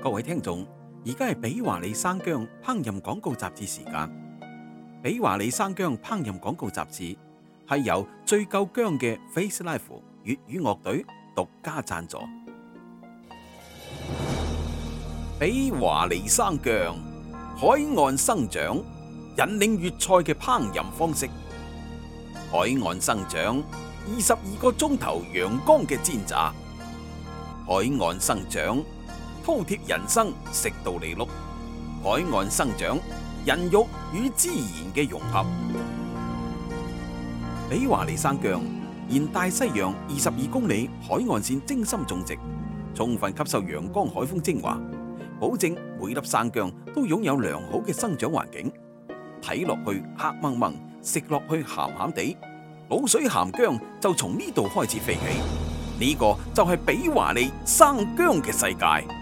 各位聽眾，而家係比華利生薑烹飪廣告雜誌時間。比華利生薑烹飪廣告雜誌係由最夠薑嘅 FACE-LIVE 粵語樂，樂隊獨家贊助。比華利生薑，海岸生長，引領粵菜嘅烹飪方式。海岸生長，二十二個鐘頭陽光嘅煎炸。海岸生長。饕餮人生食到你碌，海岸生長，人肉與孜然嘅融合。比華利生薑沿大西洋二十二公里海岸線精心種植，充分吸收陽光海風精華，保證每粒生薑都擁有良好嘅生長環境。睇落去黑掹掹，食落去鹹鹹地，滷水鹹薑就從呢度開始飛起。呢、呢個就係比華利生薑嘅世界。